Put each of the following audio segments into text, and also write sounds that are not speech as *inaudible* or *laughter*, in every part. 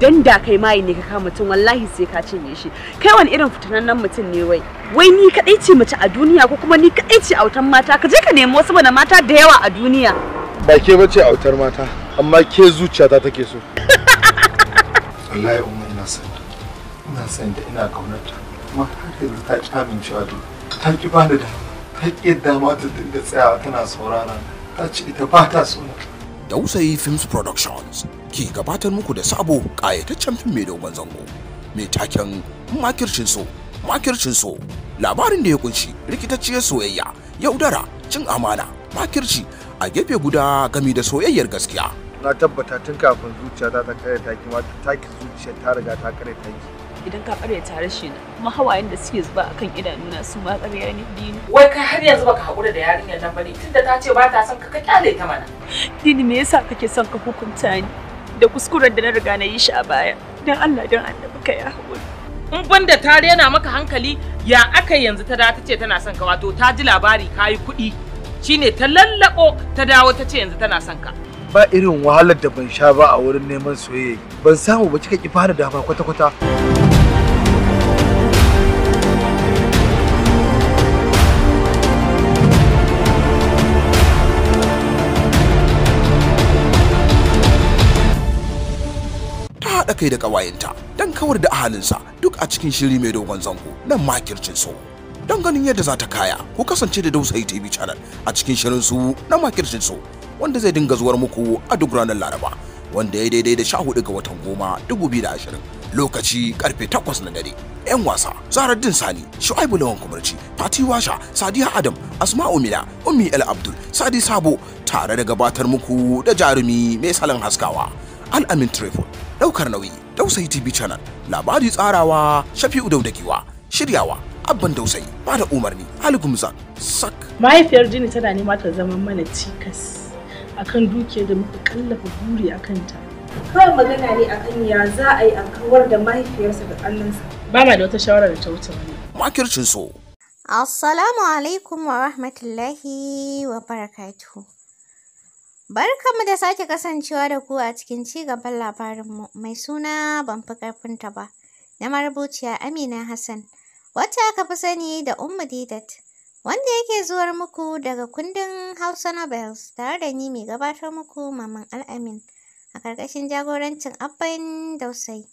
dan da kai mai ne ka kama mutum wallahi sai ka cinye shi kai wani irin nan mutum ne wai wai ni kadai ce mace a duniya ko kuma ni kadai ce autan mata ka je ka nemi wasu bana mata da yawa a duniya ba ke bace autar mata amma ke zuciyata take so *laughs* wallahi umma ina son ina san da ina kaunarta kuma har yanzu ta ki amince a ta ki bani da ta ki yadda ma ta dinga tsayawa tana saurara ta ce ita ba ta so Dausayi Films Productions ke gabatar muku da sabo ƙayataccen fim mai dogon zango mai taken makircin so makircin so labarin da ya kunshi rikitacciyar soyayya yaudara cin amana makirci a gefe guda gami da soyayyar gaskiya na tabbata tun kafin zuciya ta ta kare taki ma taki zuciya ta riga ta kare taki idan ka tare shi na kuma hawayen da suke zuba akan idanuna su ma ƙarya ne dini wai kai har yanzu baka haƙura da yarinyar nan bane tunda ta ce ba ta son ka ka kyale ta mana dini me yasa kake son ka hukunta ni da kuskuren da na riga na yi shi a baya dan Allah dan annabi ka ya haƙuri in banda ta rena maka hankali ya aka yanzu ta da ta ce tana son ka wato ta ji labari yi kuɗi shine ta lallabo ta dawo ta ce yanzu tana son ka ba irin wahalar da ban sha ba a wurin neman soyayya ban samu ba cika ki fara dama kwata-kwata. kai da ƙawayenta don kawar da ahalinsa duk a cikin shiri mai dogon zango na makircin so Don ganin yadda za ta kaya, ku kasance da Dausayi TV channel a cikin shirin su na makircin so wanda zai dinga zuwar muku a duk ranar Laraba wanda ya daidai da 14 ga watan goma 2020 lokaci karfe 8 na dare. 'Yan wasa din Sani, Shu'aibu Lawan Kumarci, Fati Washa, Sadiya Adam, Asma'u Mila, Ummi El Abdul, Sadi Sabo tare da gabatar muku da jarumi mai salon haskawa. al'amin travel ɗaukar nauyi dausayi tv channel labari tsarawa shafi'u daudagiwa shiryawa abban dausayi ba da umarni algumzan sak mahaifiyar jini tana nema ta zama mana cikas akan dukiyar da muka kallafa buri a kanta. kawai magana ne akan ya za a yi a kawar da mahaifiyarsa da ƙannansa ba ma da wata shawara da ta wuce wani makircin so assalamu alaikum wa rahmatullahi wa barakatuhu Barkanmu da sake kasancewa da ku a cikin ci gaban labarinmu mai suna ban fi ƙarfinta ba na marubuciya Amina Hassan wacce aka fi sani da Ummu Didat wanda yake zuwar muku daga kundin Hausa Novels tare da ni mai gabatar muku Maman Al'amin a ƙarƙashin jagorancin Abban Dausai.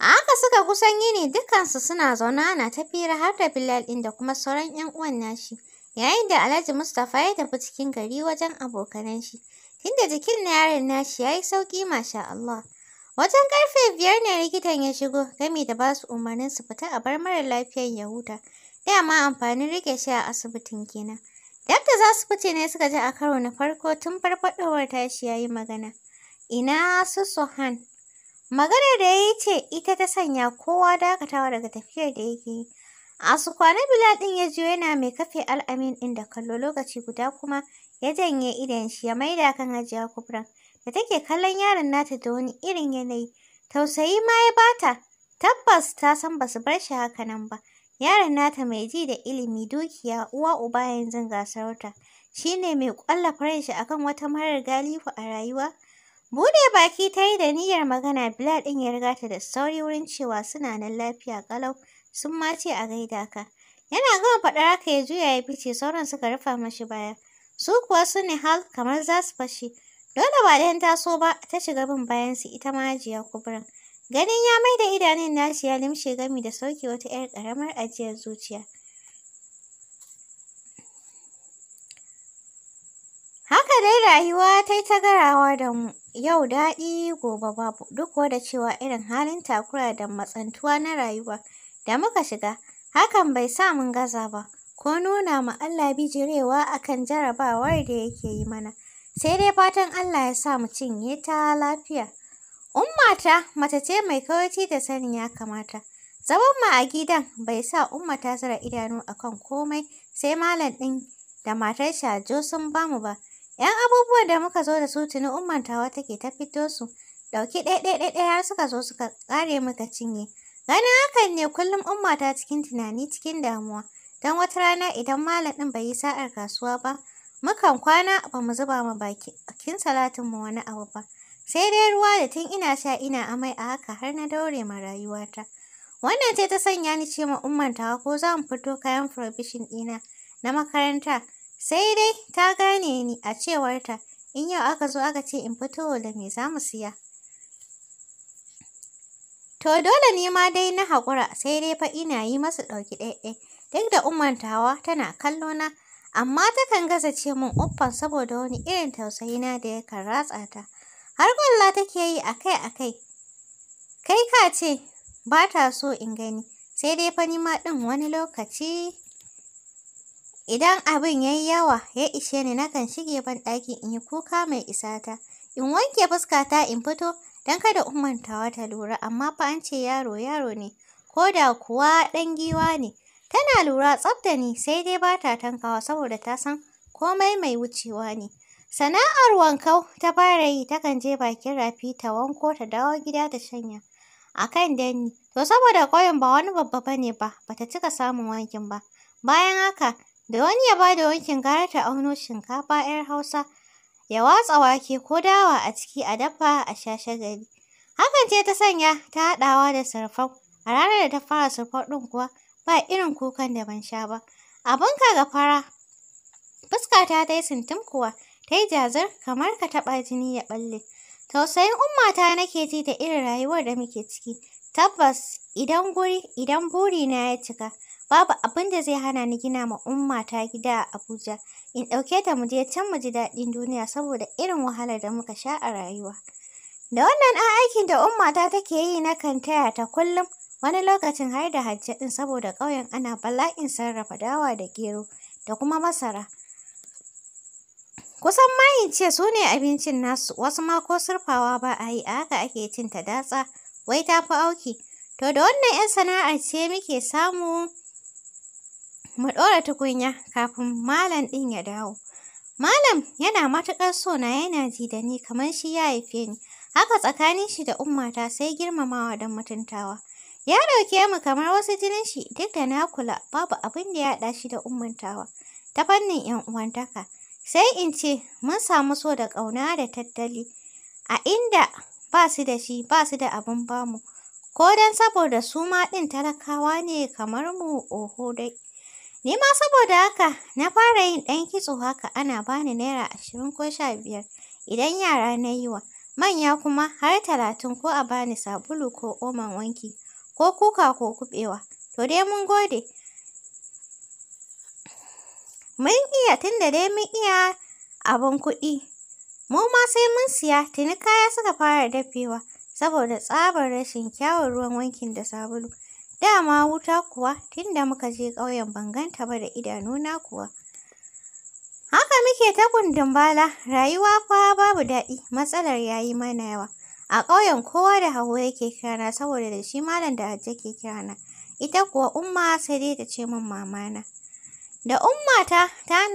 A haka suka kusan yini dukansu suna zaune na tafiyar har da Bilal ɗin da kuma sauran 'yan uwan nashi. Yayin da Alhaji Mustapha ya tafi cikin gari wajen abokanan shi, tunda jikin na yaron nashi ya yi sauƙi masha Allah. Wajen ƙarfe biyar ne likitan ya shigo gami da ba su umarnin su fita a bar mara lafiyar ya huta. Dama amfanin rike shi a asibitin kenan. Yadda za su fice ne suka ji a karo na farko tun farfaɗowar tashi ya yi magana. Ina su Sohan. Maganar da ya yi ce ita ta sanya kowa dakatawa daga tafiyar da yake yi. A su kwana Bila ɗin ya jiyo yana mai kafe al'amin ɗin da kallo lokaci guda kuma ya janye idon shi ya maida kan hajiya kubra da take kallon yaron nata da wani irin yanayi. Tausayi ma ya bata, tabbas ta san ba su bar shi haka nan ba. Yaron nata mai ji da ilimi dukiya uwa uba yanzu ga sarauta. Shi ne mai farin shi akan wata marar galihu a rayuwa. Bude baki ta yi da niyyar magana bila ɗin ya riga ta da sauri wurin cewa suna nan lafiya ƙalau. sun ma ce a gaida ka. Yana gama faɗar haka ya juya ya fice sauran suka rufa mashi baya. Su kuwa su Hal kamar za su fashe. Dole ba dan so ba ta shiga bin bayan su ita ma ajiya kuburin. Ganin ya mai da idanun nashi ya limshe gami da sauke wata 'yar ƙaramar ajiyar zuciya. Haka dai rayuwa ta yi ta garawa da mu, yau daɗi gobe babu, duk da cewa irin halin takura da matsantuwa na rayuwa da muka shiga, hakan bai sa mun gaza ba, ko nuna ma Allah bijirewa akan jarabawar da yake yi mana. Sai dai fatan Allah ya sa mu cinye ta lafiya. Ummata mace ce mai kawaici da sanin ya kamata. Zaman mu a gidan bai sa ummata zara zura idanu kan komai sai malam ɗin da matar Shajo sun bamu ba. ‘Yan abubuwan da muka zo da su tuni ummantawa take ta fito su, ɗauki ɗaya ɗaya suka zo suka ƙare muka cinye. Ganin hakan ne kullum Umma ta cikin tunani cikin damuwa. Don wata rana idan malam ɗin bai yi sa'ar kasuwa ba, mukan kwana ba mu zuba ma bakin mu wani abu ba. Sai dai ruwa da tun ina sha ina amai a haka har na daure ma rayuwata. Wannan ce ta sanya ni ce ma umman ta ko za mu fito kayan provision ɗina na makaranta. Sai dai ta gane ni a cewarta in yau aka zo aka ce in fito da me za mu siya. To dole ne ma dai na haƙura sai dai fa ina yi masa ɗauki ɗaiɗai. Duk da umantawa tana kallo na, amma takan gaza ce min uffan saboda wani irin tausayi na da yakan ratsa ta. Har kwalla take yi akai-akai. Kai ka ce ba ta so in gani, sai dai fa ni ma ɗin wani lokaci. Idan abin ya yi yawa ya ishe ni nakan shige ban ɗaki in yi kuka mai isata. In wanke fuskata in fito don kada umantawa ta lura amma fa an ce yaro yaro ne ko da kuwa ɗan giwa ne tana lura tsaf da sai dai ba ta tankawa saboda ta san komai mai wucewa ne sana'ar wankau ta fara yi takan je bakin rafi ta wanko ta dawo gida ta shanya a kan danni to saboda ƙauyen ba wani babba ba ne ba ta cika samun wankin ba bayan haka da wani ya ba da wankin gara ta auno shinkafa 'yar hausa ya watsa wake ko dawa a ciki a dafa a sha shagari. Hakan ce ta sanya ta haɗawa da surfau. A ranar da ta fara surfau ɗin kuwa ba irin kukan da ban sha ba. Abin ka ga fara. Fuska ta dai sintim kuwa ta yi jazir kamar ka taɓa jini ya ɓalle. Tausayin ummata nake ji da irin rayuwar da muke ciki. Tabbas idan guri idan burina ya cika Babu abin da zai hana ni gina ma umma ta gida a Abuja. In ɗauke ta mu can mu ji daɗin duniya saboda irin wahalar da muka sha a rayuwa. Da wannan ɗan aikin da ummata take yi na kan taya ta kullum, wani lokacin har da hajji ɗin saboda ƙauyen ana bala'in sarrafa dawa da gero da kuma masara. Kusan mayin ce su ne abincin nasu, wasu ma ko surfawa ba a yi, a haka ake cin ta datsa, wai ta fi auki. To da wannan 'yan sana'ar ce muke samu mu ɗora tukunya kafin malam ɗin ya dawo. Malam yana matuƙar so na yana ji da ni kamar shi ya haife ni. Haka tsakanin shi da ummata sai girmamawa da mutuntawa. Ya ɗauke mu kamar wasu jinin shi duk da na kula babu abin da ya haɗa shi da ummantawa. Ta fannin 'yan uwantaka. Sai in ce mun samu so da ƙauna da tattali. A inda ba su da shi ba su da abin bamu. Ko don saboda su ma ɗin talakawa ne kamar mu oho dai. Ni ma saboda haka na fara yin ɗan kitso haka ana bani naira ashirin ko sha biyar idan yara na yi wa, manya kuma har talatin ko a bani sabulu ko oman wanki ko kuka ko kubewa. To dai mun gode. Mun iya tunda dai mun iya abin kuɗi. Mu ma sai mun siya tuni kaya suka fara dafewa saboda tsabar rashin kyawun ruwan wankin da sabulu. Dama wuta kuwa tun da muka je ƙauyen ban ganta ba da idanuna kuwa. Haka muke ta gundun bala, rayuwa fa babu daɗi, matsalar ya yi mana yawa. A ƙauyen kowa da Hauwa yake kirana saboda da shi malam da Hajji ke kirana. Ita kuwa Umma sai dai ta ce min mamana. Da Ummata ta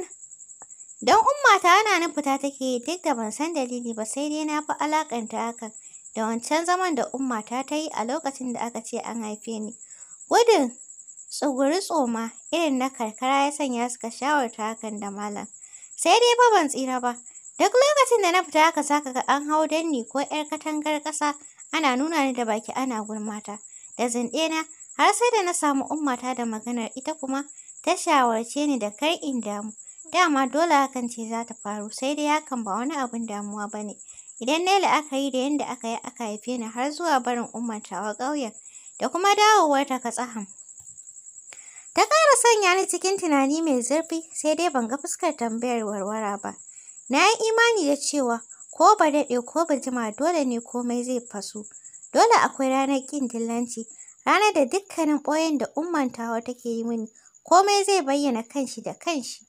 Don Ummata ana nan fita take yi duk da ban san dalili ba sai dai na fi alaƙanta hakan da wancan zaman da Ummata ta yi a lokacin da aka ce an haife ni. Gudun tsuguri-tsoma irin na karkara ya sanya suka shawarta hakan da Malam. Sai dai ba ban tsira ba. Duk lokacin da na fita aka saka ka ga an hau danni ko 'yar katangar ƙasa ana nuna ni da baki ana gurmata. Da zinɗena har sai da na samu ummata da maganar ita kuma ta shawarce ni da kar in damu. Dama dole hakan ce za ta faru sai dai hakan ba wani abin damuwa ba ne. Idan na yi la'akari da yadda aka yi aka haife ni har zuwa barin ummatawa ƙauyen. da kuma dawowarta Katsaham. Ta ƙara sanya ni cikin tunani mai zurfi sai dai ban ga fuskar tambayar warwara ba. Na yi imani da cewa ko ba daɗe ko ba jima dole ne komai zai fasu. Dole akwai ranar ƙin dillanci, ranar da dukkanin ɓoyen da ummantawa take yi mini, komai zai bayyana kanshi da kanshi.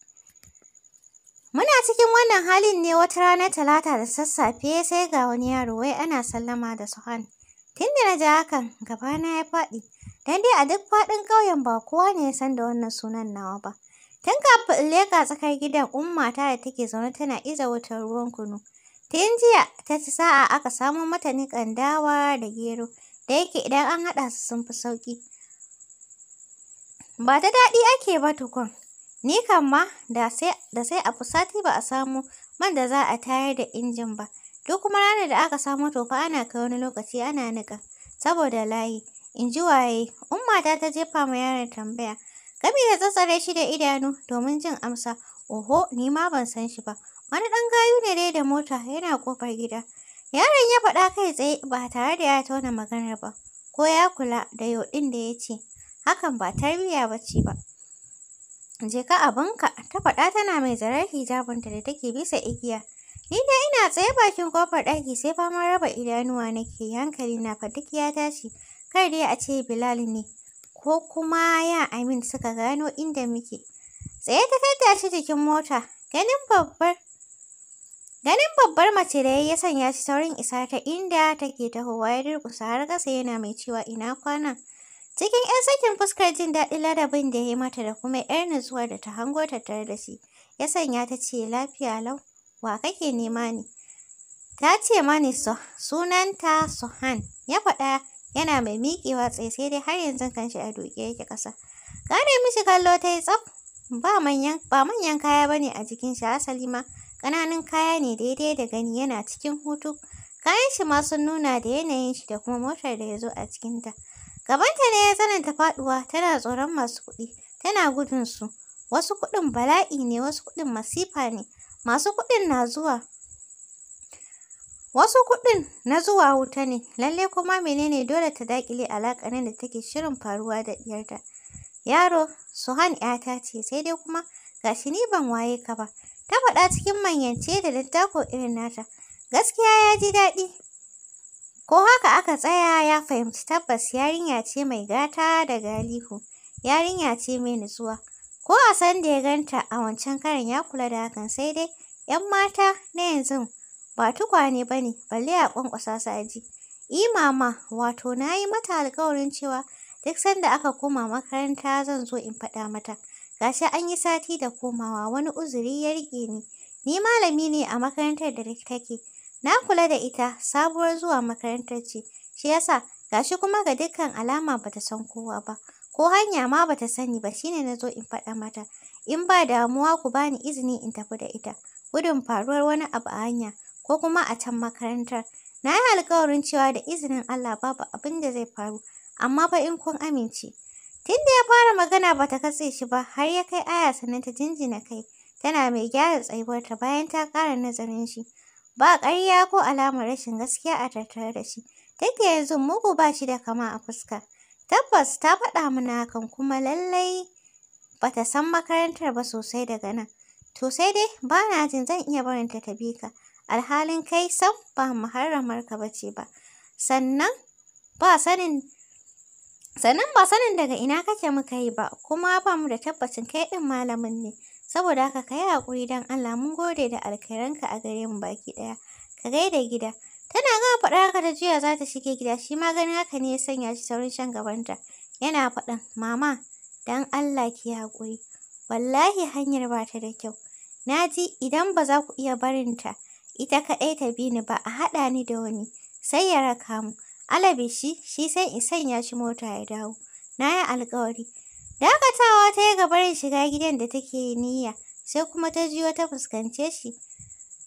Muna cikin wannan halin ne wata ranar talata da sassafe sai ga wani yaro wai ana sallama da Suhan. Tun da na ji hakan, gaba na ya faɗi. Don dai a duk faɗin ƙauyen ba kowa ne ya san da wannan sunan nawa ba. Tun kafin in leƙa tsakar gidan umma ta da take zaune tana iza wutar ruwan kunu. Tun jiya ta ci sa'a aka samo mata niƙan dawa da gero, da yake idan an haɗa su sun fi sauƙi. Ba ta daɗi ake ba tukun. Ni kam ma da sai a fusati ba a samo man da za a tayar da injin ba. Duk kuma ranar da aka samo tofa ana kai wani lokaci ana niƙa, saboda layi. In ji waye, ummata ta jefa ma yaron tambaya. Gami da tsatsare shi da idanu domin jin amsa, oho, ni ma ban san shi ba. Wani ɗan gayu ne dai da mota yana ƙofar gida. Yaron ya faɗa kai tsaye ba tare da ya tauna maganar ba, ko ya kula da yoɗin da ya ce, hakan ba tarbiyya ba ce ba. Je ka abinka, ta faɗa tana mai zarar hijabinta da take bisa igiya. Ni da ina tsaye bakin kofar ɗaki sai fama raba idanuwa nake hankali na fa duk ya tashi. Kar dai a ce Bilal ne ko kuma ya Amin suka gano inda muke. Tsaye ta kai shi jikin mota. Ganin babbar Ganin babbar mace da ya sanya shi saurin isa ta inda take tahowa ya durƙusa har ƙasa yana mai cewa ina kwana. Cikin 'yan sakin fuskar jin daɗin ladabin da ya yi mata da kuma 'yar nutsuwar da ta hango tattare da shi, ya sanya ta ce lafiya lau. Wa kake nema ne? Ta ce mani sunanta Suhan, ya faɗa yana mai miƙewa tsaye sai dai har yanzu kanshi a duke yake ƙasa. Gane mishi kallo ta yi tsaf, ba manyan kaya ba ne a jikin shi asali ma, ƙananun kaya ne daidai da gani yana cikin hutu. Kayan shi ma sun nuna da yanayin shi da kuma motar da ya zo a cikin cikinta. Gabanta ne ya tsananta faɗuwa, tana tsoron masu kuɗi, tana gudun su. Wasu kuɗin bala'i ne, wasu kuɗin masifa ne. masu kuɗin na zuwa wasu kuɗin na zuwa wuta ne lalle kuma menene dole ta daƙile nan da take shirin faruwa da ɗiyarta yaro su han ƴata ce sai dai kuma ga shi ni ban waye ka ba ta faɗa cikin manyan manyance da daddako irin nata gaskiya ya ji daɗi ko haka aka tsaya ya fahimci tabbas yarinya ce mai gata da galihu yarinya ce mai nutsuwa Ko a san da ya ganta a wancan karin ya kula da hakan sai dai ‘yan mata na yanzu ba tukwane ba ne balle a ƙwanƙwasa su aji. imama mama wato na yi mata alƙawarin cewa duk sanda aka koma makaranta zan zo in faɗa mata. Gashi an yi sati da komawa wani uzuri ya riƙe ni. Ni malami ne a makarantar da take. Na kula da ita sabuwar zuwa makarantar ce. Shi yasa gashi kuma ga dukkan alama bata san kowa ba. ko hanya ma bata sani ba shine na zo in faɗa mata in ba damuwa ku bani izini in tafi da ita gudun faruwar wani abu a hanya ko kuma a can makarantar na yi alkawarin cewa da izinin Allah babu abin da zai faru amma fa in kun amince tun da ya fara magana bata katse shi ba har ya kai aya sannan ta jinjina kai tana mai gyara tsayuwarta bayan ta ƙara nazarin shi ba ƙarya ko alamar rashin gaskiya a tattare da shi take yanzu mugu ba shi da kama a fuska Tabbas ta faɗa mana hakan kuma lallai ba ta san makarantar ba sosai daga nan. To sai dai ba na jin zan iya barinta ta bi ka, alhalin kai sam ba ka ba ce ba. Sannan ba sanin sannan ba sanin daga ina kake muka yi ba, kuma ba mu da tabbacin kai ɗin malamin ne. Saboda haka ka yi haƙuri don Allah mun gode da alkhairanka a gare mu baki ɗaya. Ka gaida gida. Tana gama faɗa haka ta jiya za ta shige gida, shi ma ganin haka ne ya sanya shi saurin shan gabanta. Yana faɗan, Mama, dan Allah ki haƙuri, wallahi hanyar ba ta da kyau. Na ji idan ba za ku iya barinta, ita kaɗai ta bi ni ba a haɗa ni da wani, sai ya raka mu. Alabe shi, shi sai in sanya shi mota ya dawo. Na yi alƙawari. Dakatawa ta yi gabarin shiga gidan da take niyya, sai kuma ta ji wata fuskance shi.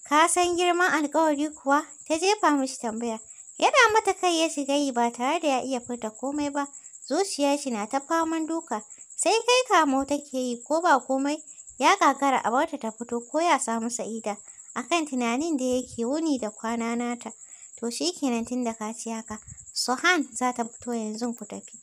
Ka san girman alƙawari kuwa? Ta jefa mishi tambaya. Yana mata kai ya shiga yi ba tare da ya iya furta komai ba. Zuciyar shi na ta faman duka. Sai kai kamo take yi ko ba komai ya kakara a barta ta fito ko ya samu sa'ida. A kan tunanin da yake wuni da kwana nata. To shi kenan tun da ka ci haka. Sohan za ta fito yanzu ku tafi.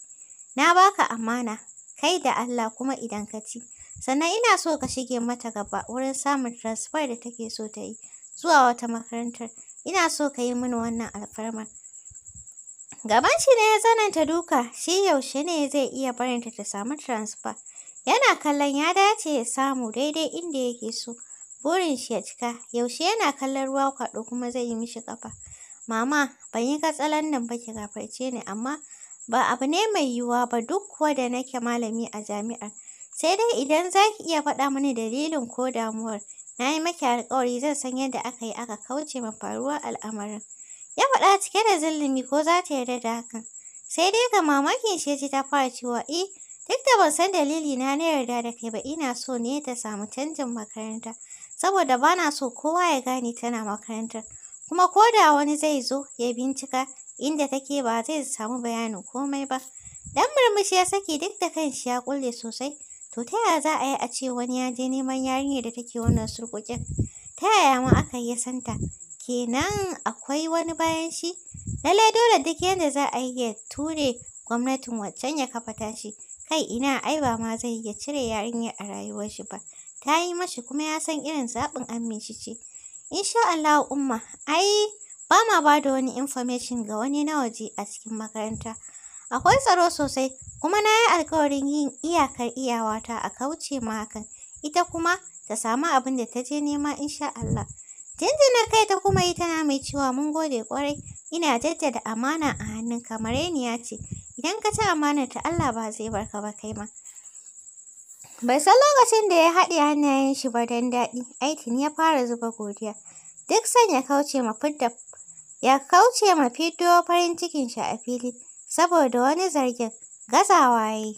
Na baka amana, kai da Allah kuma idan ka ci. Sannan ina so ka shige mata gaba wurin samun transfer da take so ta yi zuwa wata makarantar. Ina so ka yi mini wannan alfarmar. Gaban shi ne ya tsananta duka, shi yaushe ne zai iya barinta ta samu transfer. Yana kallon ya dace ya samu daidai inda yake so. Burin shi ya cika, yaushe yana kallon ruwa kwaɗo kuma zai yi mishi kafa Mama, ban yi katsalan nan ba ki gafarce ni, amma ba abu ne mai yiwuwa ba duk kuwa da nake malami a jami'ar. Sai dai idan za ki iya faɗa mini dalilin ko damuwar, na yi maki alƙawari zan san yadda aka yi aka kauce ma faruwar al'amarin. Ya faɗa cike da zillimi ko za ta yarda da hakan. Sai dai ga mamakin shi ji ta fara cewa eh, duk da ban san dalili na na yarda da kai ba ina so ne ta samu canjin makaranta. Saboda ba na so kowa ya gane tana makarantar. Kuma ko da wani zai zo ya bincika inda take ba zai samu bayanin komai ba. Dan murmushi ya saki duk da kan shi ya kulle sosai. To ta yaya za a yi a ce wani ya je neman yarinya da take wannan surkukin? Ta yaya ma aka yi santa? Kenan akwai wani bayan shi? Lallai dole duk yadda za a yi ya ture gwamnatin waccan ya kafa tashi. Kai ina ai ba ma zai ya cire yarinya a rayuwar shi ba. Ta yi mashi kuma ya san irin zaɓin amin shi ce. Insha Allah umma, ai ba ma ba da wani information ga wani na waje a cikin makaranta. Akwai tsaro sosai, kuma na yi alkawarin yin iyakar iyawata a kauce ma hakan, ita kuma ta samu abin da ta je nema insha Allah. Jinjinar kai ta kuma yi tana mai cewa mun gode ƙwarai, ina jaddada amana a hannun hannunka ya ce, idan ka ci amanar ta Allah ba zai barka ba kai ma. Bai san lokacin da ya haɗe hannayen shi ba don daɗi, aikin ya fara zuba godiya. Duk sanya kauce ma fidda ya kauce ma fiddo farin cikin shi a fili. saboda wani zargin gazawa ya yi.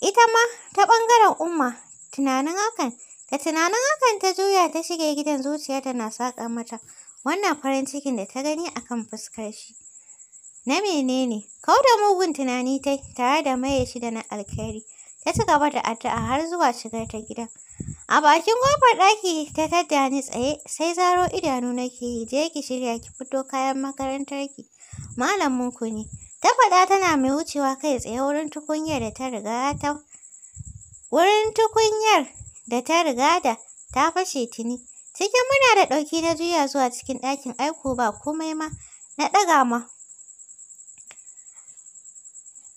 Ita ma ta ɓangaren Umma tunanin hakan da tunanin hakan ta juya ta shige gidan da na saƙa mata wannan farin cikin da ta gani a kan fuskar shi. Na menene? Kau da mugun tunani tai tare da maye shi da na alkhairi. Ta ci gaba da addu'a har zuwa shigar ta gidan. A bakin kofar ɗaki ta tadda ni tsaye sai zaro idanu nake yi je ki shirya ki fito kayan makarantarki. malamin ku ne. Ta faɗa tana mai wucewa kai tsaye wurin tukunyar da ta riga ta wurin tukunyar da ta riga da ta fashe tuni. Cikin muna da ɗauki na juya zuwa cikin ɗakin aiko ba komai ma na ɗaga ma.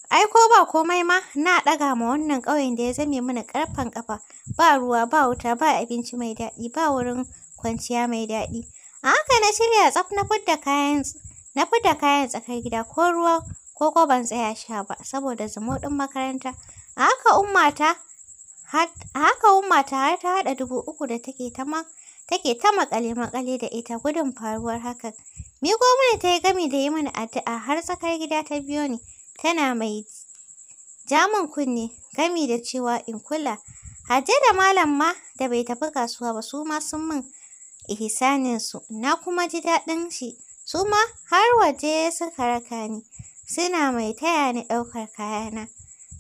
Aiko ba komai ma na ɗaga ma wannan ƙauyen da ya zame mana ƙarfen ƙafa. Ba ruwa, ba wuta, ba abinci mai daɗi, ba wurin kwanciya mai daɗi. A haka na shirya tsaf na fidda kayan Na fita kayan tsakar gida ko ruwa ko ko ban tsaya sha ba saboda zumo ɗin makaranta. A haka ummata haka har ta haɗa dubu uku da take ta ma take ta makale-makale da ita gudun faruwar hakan. Miƙo mini ta yi gami da yi mini addu'a har tsakar gida ta biyo ni tana mai jamun kunne gami da cewa in kula. Hajje da malam ma da bai tafi kasuwa ba su ma sun min ihsaninsu na kuma ji daɗin shi Suma, har waje suka raka ni, suna mai taya ni ɗaukar kayana.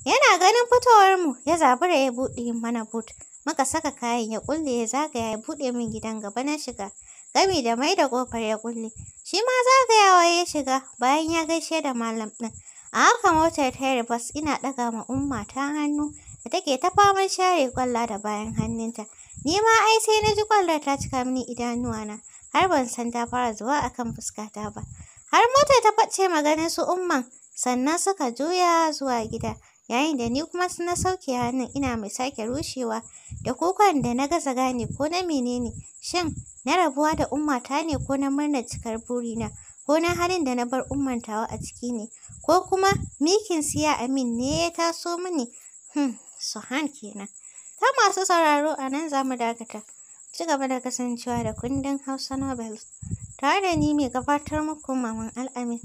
Yana ganin fitowarmu ya zabura ya buɗe mana but, muka saka kayan ya kulle ya zagaya ya buɗe min gidan gaba na shiga, gami da mai da ƙofar ya kulle. Shi ma zagayawa ya shiga bayan ya gaishe da malam ɗin. A haka motar tayar bas ina ɗaga ma umma ta hannu da take ta faman share kwalla da bayan hannunta. Ni ma ai sai na ji kwallar ta cika mini idanuwana. har ban san ta fara zuwa akan fuskata ba. Har mota ta face maganin su umman sannan suka juya zuwa gida. Yayin da ni kuma na sauke hannun ina mai sake rushewa da kukan da na gaza gane ko na menene shin na rabuwa da ummata ne ko na murna cikar burina ko na halin da na bar ummantawa a ciki ne ko kuma mikin siya amin ne ya taso mini hmm suhan kenan ta masu sauraro a nan za mu dakata Ci gaba da kasancewa da kundin Hausa Nobels tare da ni mai gabatar muku Maman Al'amin.